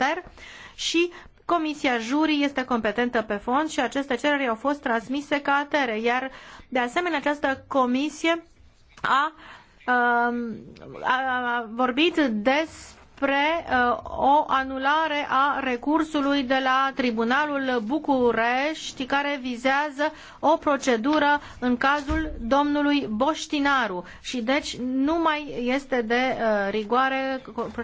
Ter și Comisia Juri este competentă pe fond și aceste cereri au fost transmise ca atere, iar de asemenea această comisie a, um, a, a vorbit despre spre uh, o anulare a recursului de la Tribunalul București care vizează o procedură în cazul domnului Boștinaru și deci nu mai este de uh, rigoare